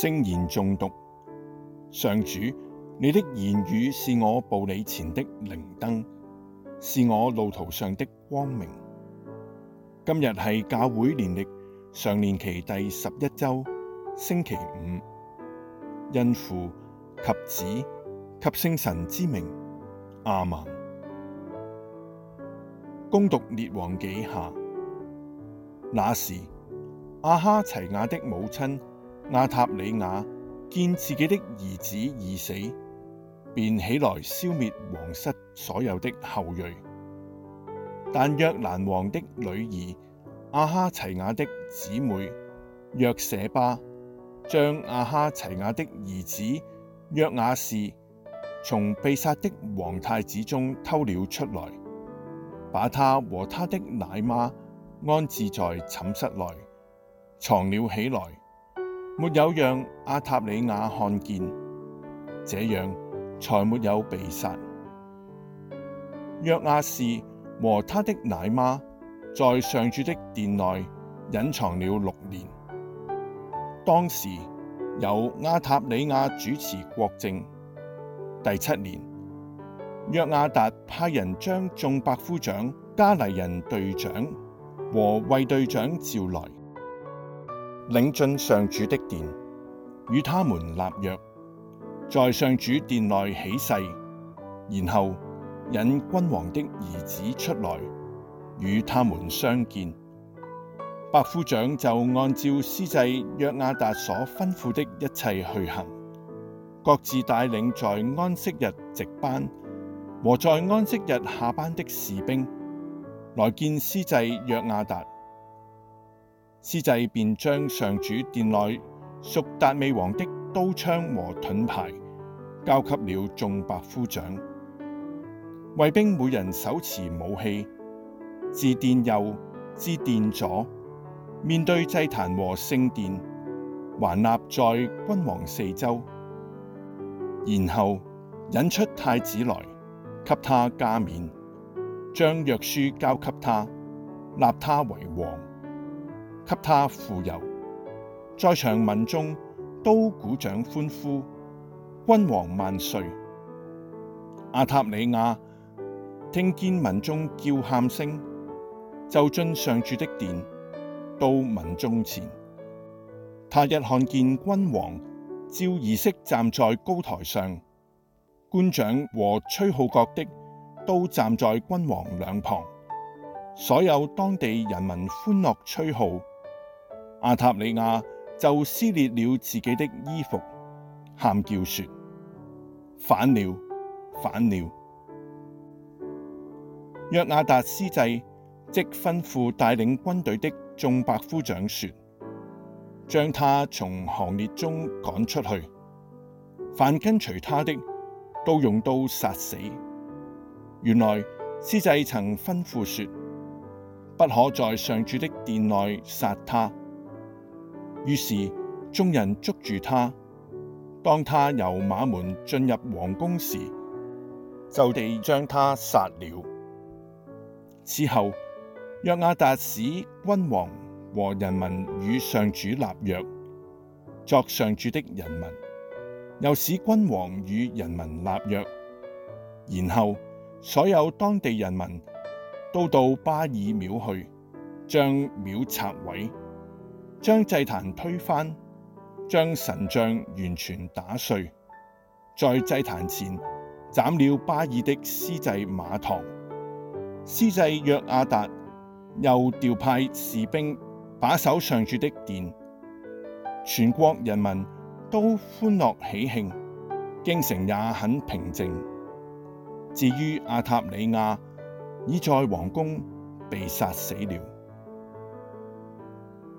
聖言誦讀，上主，你的言語是我步你前的靈燈，是我路途上的光明。今日係教會年曆常年期第十一周星期五，因父及子及聖神之名，阿門。恭讀列王紀下，那時阿哈齊雅的母親。亞塔里亞見自己的兒子已死，便起來消滅王室所有的後裔。但約蘭王的女兒阿哈齊亞的姊妹約舍巴，將阿哈齊亞的兒子約阿士從被殺的王太子中偷了出來，把他和他的奶媽安置在寢室內，藏了起來。沒有讓阿塔里雅看見，這樣才沒有被殺。約阿士和他的奶媽在上主的殿內隱藏了六年。當時由阿塔里雅主持國政。第七年，約雅達派人將眾百夫長、加黎人隊長和衛隊長召來。領進上主的殿，與他們立約，在上主殿內起誓，然後引君王的兒子出來與他們相見。百夫長就按照司祭約雅達所吩咐的一切去行，各自帶領在安息日值班和在安息日下班的士兵來見司祭約雅達。司祭便將上主殿內屬達味王的刀槍和盾牌，交給了眾百夫長，衛兵每人手持武器，自殿右至殿左，面對祭壇和聖殿，環立在君王四周，然後引出太子來，給他加冕，將約書交給他，立他為王。給他傅油，在場民眾都鼓掌歡呼，君王萬歲！阿塔里亞聽見民眾叫喊聲，就進上主的殿，到民眾前。他一看見君王，照儀式站在高台上，官長和吹號角的都站在君王兩旁，所有當地人民歡樂吹號。阿塔里亞就撕裂了自己的衣服，喊叫說：反了，反了！約雅達司祭即吩咐帶領軍隊的眾百夫長說：將他從行列中趕出去，凡跟隨他的都用刀殺死。原來司祭曾吩咐說：不可在上主的殿內殺他。於是眾人捉住她，當她由馬門進入王宮時，就地將她殺了。此後，約雅達使君王和人民與上主立約，作上主的人民；又使君王與人民立約。然後，所有當地人民都到，到巴耳廟去，將廟拆毀。將祭壇推翻，將神像完全打碎，在祭壇前斬了巴耳的司祭瑪堂。司祭約雅達又調派士兵把守上主的殿，全國人民都歡樂喜慶，京城也很平靜。至於阿塔里雅，已在王宮被殺死了。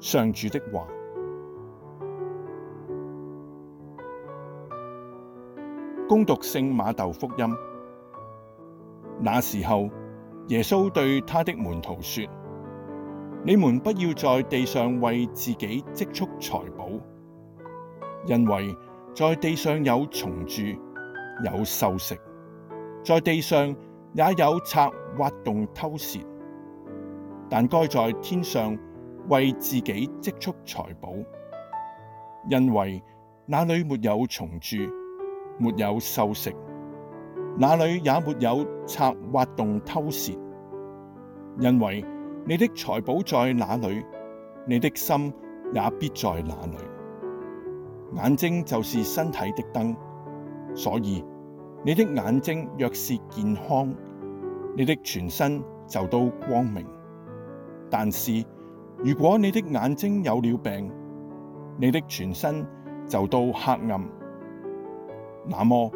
上主的話。恭讀聖瑪竇福音。那時候，耶穌對他的門徒說：你們不要在地上為自己積蓄財寶，因為在地上有蟲蛀、有銹蝕；在地上也有賊挖洞偷竊，但該在天上。為自己積蓄財寶，因為那裏沒有蟲蛀，沒有銹蝕，那裏也沒有賊挖洞偷竊。因為你的財寶在哪裏，你的心也必在哪裏。眼睛就是身體的燈，所以你的眼睛若是健康，你的全身就都光明。但是，如果你的眼睛有了病，你的全身就都黑暗。那麼，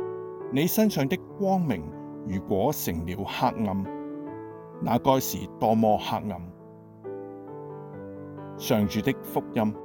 你身上的光明如果成了黑暗，那該是多麼黑暗！上主的福音。